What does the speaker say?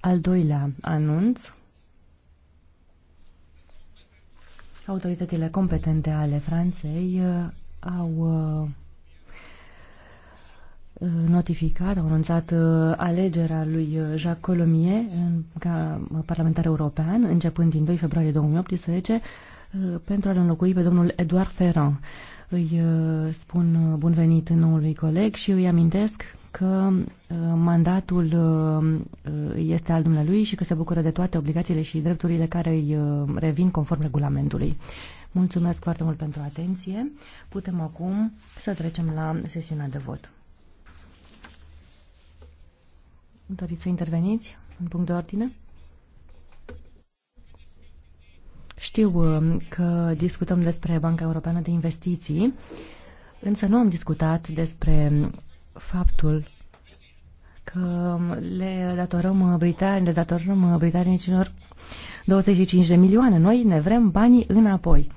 Al doilea anunț. Autoritățile competente ale Franței uh, au uh, notificat, au anunțat uh, alegerea lui Jacques Colomier ca parlamentar european, începând din 2 februarie 2018, pentru a-l înlocui pe domnul Eduard Ferrand. Îi spun bun venit noului coleg și îi amintesc că uh, mandatul uh, uh, este al dumnealui și că se bucură de toate obligațiile și drepturile care îi revin conform regulamentului. Mulțumesc foarte mult pentru atenție. Putem acum să trecem la sesiunea de vot. Doriți să interveniți în punct de ordine? Știu că discutăm despre Banca Europeană de Investiții, însă nu am discutat despre faptul că le datorăm, uh, britanii, le datorăm uh, britanicilor 25 de milioane. Noi ne vrem banii înapoi.